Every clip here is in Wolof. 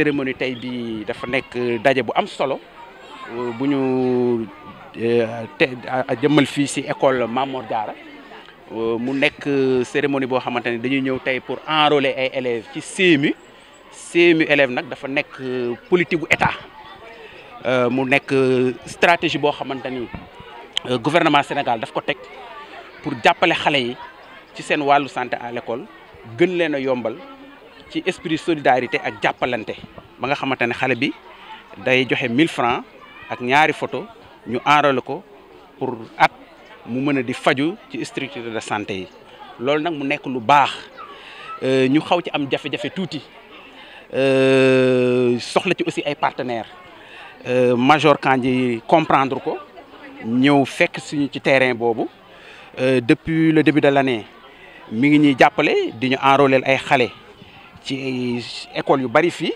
cérémonie tey bi dafa nekk daje bu am solo euh, bu ñu euh, te jëmmal fii si école Mamor Diarra euh, mu nekk cérémonie boo xamante ne dañuy ñëw tey pour enrôler ay élèves ci CMU CMU élève nag dafa nekk politique bu état mu nekk stratégie boo xamante ni gouvernement Sénégal daf ko teg pour jàppale xale yi ci seen wàllu santé à l'école gën leen a yombal ci esprit solidarité ak jàppalante ba nga xamante ne xale bi day joxe mille francs ak ñaari photo ñu enrôler ko pour at mu mën a di faju ci structure de santé yi loolu nag mu nekk lu baax euh, ñu xaw ci am jafe-jafe tuuti euh, soxla ci aussi ay partenaires euh, major Kandji comprendre ko ñëw fekk suñu ci terrain boobu depuis le début de l'année mi ngi ñuy jàppale di ñu enrôler ay xale ci école yu bari fii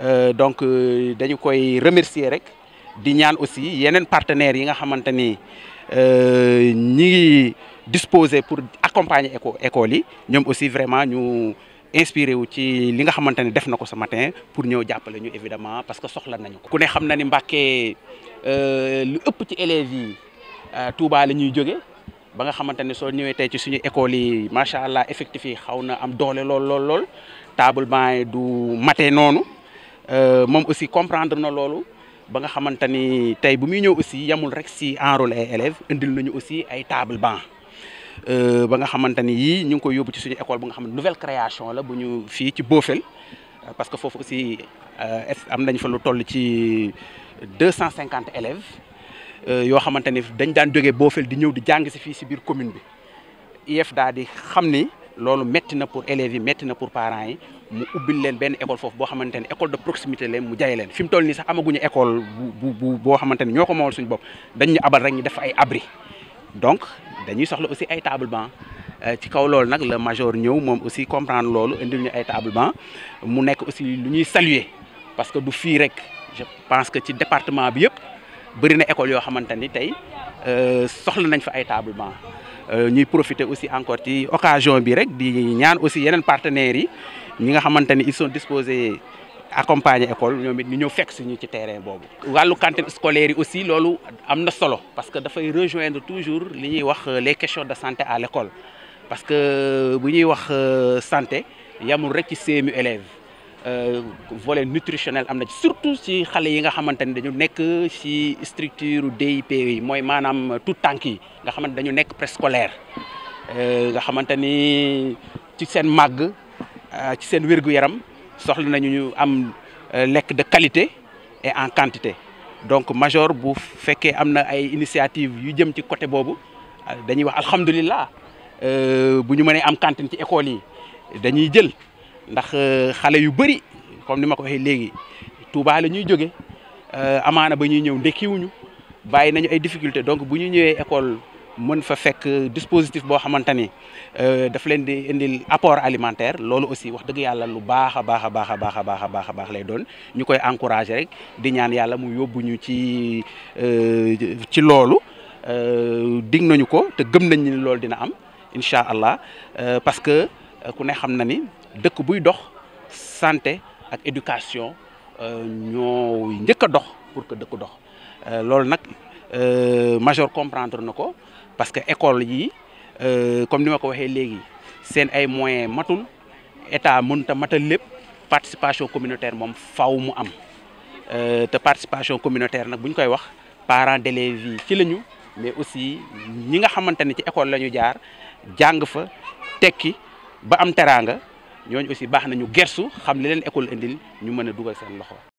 euh, donc euh, dañu koy remercier rek di ñaan aussi yeneen partenaires yi nga xamante ni euh, ñi ngi disposé pour accompagner éco école yi ñoom aussi vraiment ñu inspiré wu ci li nga xamante ne def na ko ce matin pour ñëw jàppale ñu évidemment parce que soxla nañu ko. ku ne xam na ni Mbacké lu ëpp ci élèves yi Touba la ñuy jóge ba nga xamante ne soo ñëwee tey ci suñu école yi macha allah effectif yi xaw na am doole lool lool lool. tablement yi du matee noonu euh, moom aussi comprendre na loolu ba nga xamante ni tey bu muy ñëw aussi yamul rek si enrôler ay élèves indil nañu aussi ay tablement euh, ba nga xamante ni yii ñu ngi koy yóbbu ci suñu école bu nga xam ne nouvelle création la bu ñu fii ci Baofel parce que foofu aussi euh, am nañ fa lu toll ci deux cent cinquante élèves yoo xamante ni dañ daan jógee Baofel di ñëw di jàng si fii si biir commune bi IEF daal di xam ni loolu métti na pour élèves yi métti na pour parents yi mu ubbil leen benn école foofu boo xamante école de proximité leen mu jaay leen fi mu toll nii sax amaguñu école bu bu boo xamante ne ñoo ko moomal suñu bopp dañ ñu abal ñu def ay abri donc dañuy soxla aussi ay table euh, ci kaw loolu nag la major ñëw moom aussi comprendre loolu indil ñu ay table banc mu nekk aussi lu ñuy saluer parce que du fii rek je pense que ci département bi yëpp bëri na école yoo xamante ni tey euh, soxla nañ fa ay table banc Euh, ñuy profité aussi encore ci occasion bi rek di ñaan aussi yeneen partenaires yi ñi nga xamante ni ils sont disposés accompagner école ñoom it ñu ñëw fekk suñu ci terrain boobu. wàllu cantine scolaire yi aussi loolu am na solo parce que dafay rejoindre toujours li ñuy wax euh, les question de santé à l'école parce que euh, bu ñuy wax santé yamul rek ci semi élèves. Euh, volet nutritionnel am na ci surtout si xale yi nga xamante ni dañu nekk si structure DIP yi mooy maanaam tout tànk yi nga xamante dañu nekk préscolaire euh, nga xamante ni ci seen màgg euh, ci seen wér-gu-yaram soxla nañu ñu am lekk de qualité et en quantité donc major bu fekkee am na ay initiative yu jëm ci côté boobu dañuy wax alhamdulillah bu ñu mënee am cantine ci école yi dañuy jël ndax euh, xale yu bëri comme ni ma ko léegi Touba la ñuy jóge euh, amaana ba ñuy ñëw ndekkiwuñu bàyyi nañu ay difficulté donc bu ñu ñëwee école mën fa fekk dispositif boo xamante ni euh, daf leen di indil apport alimentaire loolu aussi wax dëgg yàlla lu baax a baax a baax a baax a baax a baax a baax lay doon ñu koy encouragé rek di ñaan yàlla mu yóbbu ñu ci ci loolu dig nañu ko te gëm nañ ni loolu dina am incha allah parce que ku ne xam na ni. dëkk buy dox santé ak éducation euh, ñoo njëkk a dox pour que dëkk dox euh, loolu nag euh, major comprendre na ko parce que école yi comme ni ma ko waxee léegi seen ay moyens matul état mënut a matal lépp participation communautaire moom faw mu am te participation communautaire nag bu ñu koy wax parents d'élèves yi ci lañu mais aussi ñi nga xamante ne ci école la ñu jaar jàng fa tekki ba am teraanga ñooñu aussi baax na ñu gersu xam li école indil ñu mën a dugal seen loxo